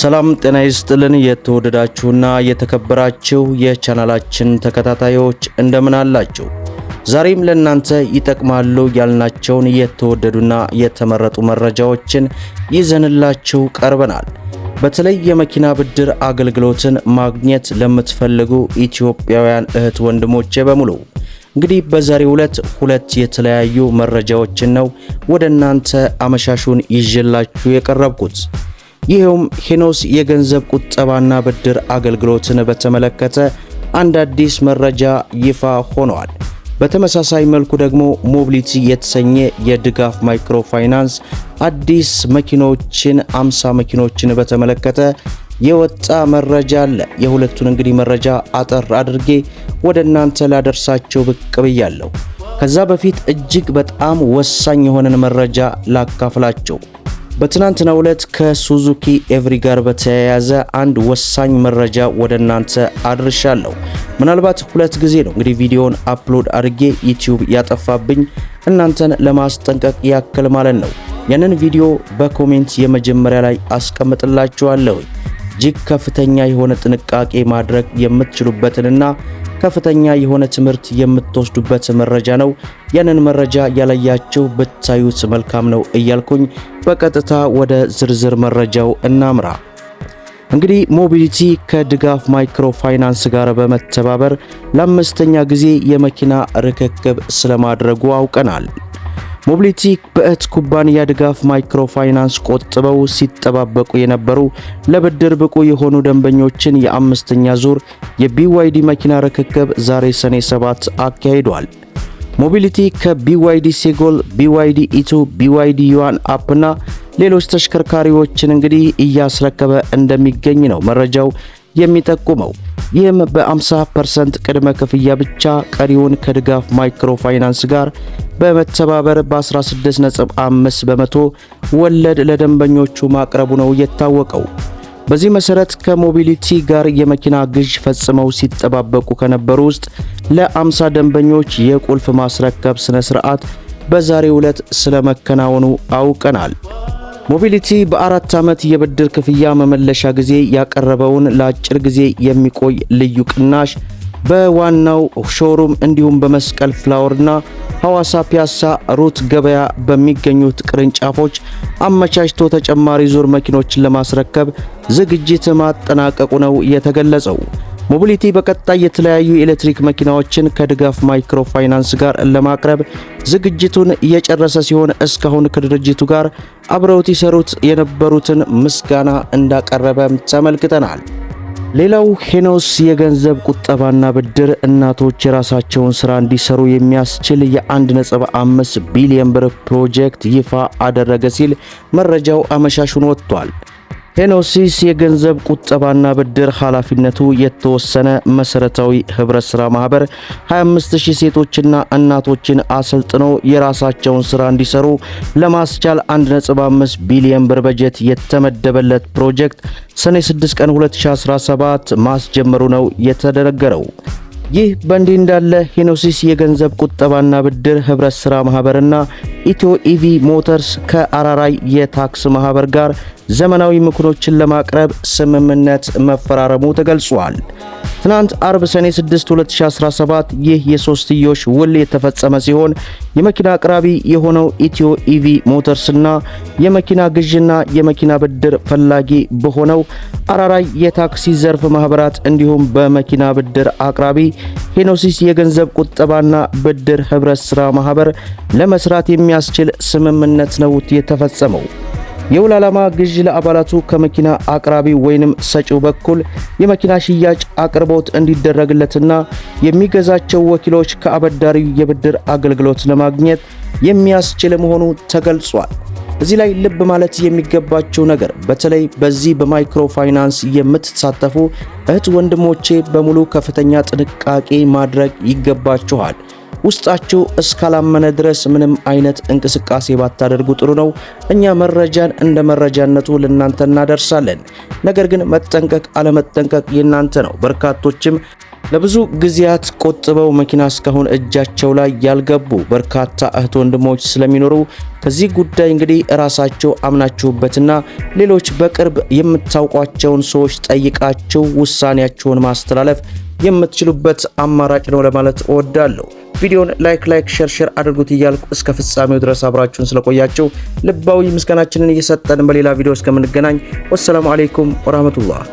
ሰላም ጤና ይስጥልን። የተወደዳችሁና የተከበራችሁ የቻናላችን ተከታታዮች እንደምን አላችሁ? ዛሬም ለእናንተ ይጠቅማሉ ያልናቸውን የተወደዱና የተመረጡ መረጃዎችን ይዘንላችሁ ቀርበናል። በተለይ የመኪና ብድር አገልግሎትን ማግኘት ለምትፈልጉ ኢትዮጵያውያን እህት ወንድሞቼ በሙሉ እንግዲህ በዛሬው ዕለት ሁለት የተለያዩ መረጃዎችን ነው ወደ እናንተ አመሻሹን ይዤላችሁ የቀረብኩት። ይኸውም ሄኖስ የገንዘብ ቁጠባና ብድር አገልግሎትን በተመለከተ አንድ አዲስ መረጃ ይፋ ሆኗል። በተመሳሳይ መልኩ ደግሞ ሞቢሊቲ የተሰኘ የድጋፍ ማይክሮ ፋይናንስ አዲስ መኪኖችን 50 መኪኖችን በተመለከተ የወጣ መረጃ አለ። የሁለቱን እንግዲህ መረጃ አጠር አድርጌ ወደ እናንተ ላደርሳቸው ብቅ ብያለሁ። ከዛ በፊት እጅግ በጣም ወሳኝ የሆነን መረጃ ላካፍላቸው። በትናንትናው ዕለት ከሱዙኪ ኤቭሪ ጋር በተያያዘ አንድ ወሳኝ መረጃ ወደ እናንተ አድርሻለሁ። ምናልባት ሁለት ጊዜ ነው እንግዲህ ቪዲዮውን አፕሎድ አድርጌ ዩቲዩብ ያጠፋብኝ እናንተን ለማስጠንቀቅ ያክል ማለት ነው። ያንን ቪዲዮ በኮሜንት የመጀመሪያ ላይ አስቀምጥላችኋለሁ። እጅግ ከፍተኛ የሆነ ጥንቃቄ ማድረግ የምትችሉበትንና ከፍተኛ የሆነ ትምህርት የምትወስዱበት መረጃ ነው። ያንን መረጃ ያላያችሁ ብታዩት መልካም ነው እያልኩኝ በቀጥታ ወደ ዝርዝር መረጃው እናምራ። እንግዲህ ሞቢሊቲ ከድጋፍ ማይክሮ ፋይናንስ ጋር በመተባበር ለአምስተኛ ጊዜ የመኪና ርክክብ ስለማድረጉ አውቀናል። ሞቢሊቲ በእህት ኩባንያ ድጋፍ ማይክሮፋይናንስ ቆጥበው ሲጠባበቁ የነበሩ ለብድር ብቁ የሆኑ ደንበኞችን የአምስተኛ ዙር የቢዋይዲ መኪና ርክክብ ዛሬ ሰኔ 7 አካሂዷል። ሞቢሊቲ ከቢዋይዲ ሴጎል፣ ቢዋይዲ ኢቱ፣ ቢዋይዲ ዩዋን አፕና ሌሎች ተሽከርካሪዎችን እንግዲህ እያስረከበ እንደሚገኝ ነው መረጃው የሚጠቁመው። ይህም በ50 ፐርሰንት ቅድመ ክፍያ ብቻ ቀሪውን ከድጋፍ ማይክሮፋይናንስ ጋር በመተባበር በ16.5 በመቶ ወለድ ለደንበኞቹ ማቅረቡ ነው የታወቀው። በዚህ መሰረት ከሞቢሊቲ ጋር የመኪና ግዥ ፈጽመው ሲጠባበቁ ከነበሩ ውስጥ ለ50 ደንበኞች የቁልፍ ማስረከብ ስነ ስርዓት በዛሬው ዕለት ስለመከናወኑ አውቀናል። ሞቢሊቲ በአራት ዓመት የብድር ክፍያ መመለሻ ጊዜ ያቀረበውን ለአጭር ጊዜ የሚቆይ ልዩ ቅናሽ በዋናው ሾሩም እንዲሁም በመስቀል ፍላወርና ሐዋሳ ፒያሳ ሩት ገበያ በሚገኙት ቅርንጫፎች አመቻችቶ ተጨማሪ ዙር መኪኖችን ለማስረከብ ዝግጅት ማጠናቀቁ ነው የተገለጸው። ሞቢሊቲ በቀጣይ የተለያዩ የኤሌክትሪክ መኪናዎችን ከድጋፍ ማይክሮ ፋይናንስ ጋር ለማቅረብ ዝግጅቱን እየጨረሰ ሲሆን እስካሁን ከድርጅቱ ጋር አብረውት ይሰሩት የነበሩትን ምስጋና እንዳቀረበም ተመልክተናል። ሌላው ሄኖስ የገንዘብ ቁጠባና ብድር እናቶች የራሳቸውን ስራ እንዲሰሩ የሚያስችል የ1.5 ቢሊዮን ብር ፕሮጀክት ይፋ አደረገ ሲል መረጃው አመሻሹን ወጥቷል። ሄኖሲስ የገንዘብ ቁጠባና ብድር ኃላፊነቱ የተወሰነ መሰረታዊ ህብረት ስራ ማህበር 25000 ሴቶችና እናቶችን አሰልጥኖ የራሳቸውን ስራ እንዲሰሩ ለማስቻል 1.5 ቢሊዮን ብር በጀት የተመደበለት ፕሮጀክት ሰኔ 6 ቀን 2017 ማስጀመሩ ነው የተደነገረው። ይህ በእንዲህ እንዳለ ሄኖሲስ የገንዘብ ቁጠባና ብድር ህብረት ሥራ ማኅበርና ኢትዮ ኢቪ ሞተርስ ከአራራይ የታክስ ማኅበር ጋር ዘመናዊ ምክኖችን ለማቅረብ ስምምነት መፈራረሙ ተገልጿል። ትናንት አርብ ሰኔ 6 2017 ይህ የሶስትዮሽ ውል የተፈጸመ ሲሆን የመኪና አቅራቢ የሆነው ኢትዮ ኢቪ ሞተርስና የመኪና ግዥና የመኪና ብድር ፈላጊ በሆነው አራራይ የታክሲ ዘርፍ ማህበራት እንዲሁም በመኪና ብድር አቅራቢ ሄኖሲስ የገንዘብ ቁጠባና ብድር ህብረት ስራ ማህበር ለመስራት የሚያስችል ስምምነት ነው የተፈጸመው። የውል ዓላማ ግዢ ለአባላቱ ከመኪና አቅራቢ ወይንም ሰጪው በኩል የመኪና ሽያጭ አቅርቦት እንዲደረግለትና የሚገዛቸው ወኪሎች ከአበዳሪው የብድር አገልግሎት ለማግኘት የሚያስችል መሆኑ ተገልጿል። እዚህ ላይ ልብ ማለት የሚገባቸው ነገር በተለይ በዚህ በማይክሮ ፋይናንስ የምትሳተፉ እህት ወንድሞቼ በሙሉ ከፍተኛ ጥንቃቄ ማድረግ ይገባችኋል። ውስጣችሁ እስካላመነ ድረስ ምንም አይነት እንቅስቃሴ ባታደርጉ ጥሩ ነው። እኛ መረጃን እንደ መረጃነቱ ልናንተ እናደርሳለን። ነገር ግን መጠንቀቅ አለመጠንቀቅ የናንተ ነው። በርካቶችም ለብዙ ጊዜያት ቆጥበው መኪና እስካሁን እጃቸው ላይ ያልገቡ በርካታ እህት ወንድሞች ስለሚኖሩ ከዚህ ጉዳይ እንግዲህ ራሳቸው አምናችሁበትና ሌሎች በቅርብ የምታውቋቸውን ሰዎች ጠይቃችሁ ውሳኔያችሁን ማስተላለፍ የምትችሉበት አማራጭ ነው ለማለት እወዳለሁ። ቪዲዮን ላይክ ላይክ ሼር ሼር አድርጉት እያልኩ እስከ ፍጻሜው ድረስ አብራችሁን ስለቆያችሁ ልባዊ ምስጋናችንን እየሰጠን በሌላ ቪዲዮ እስከምንገናኝ ወሰላሙ አሌይኩም ወራህመቱላህ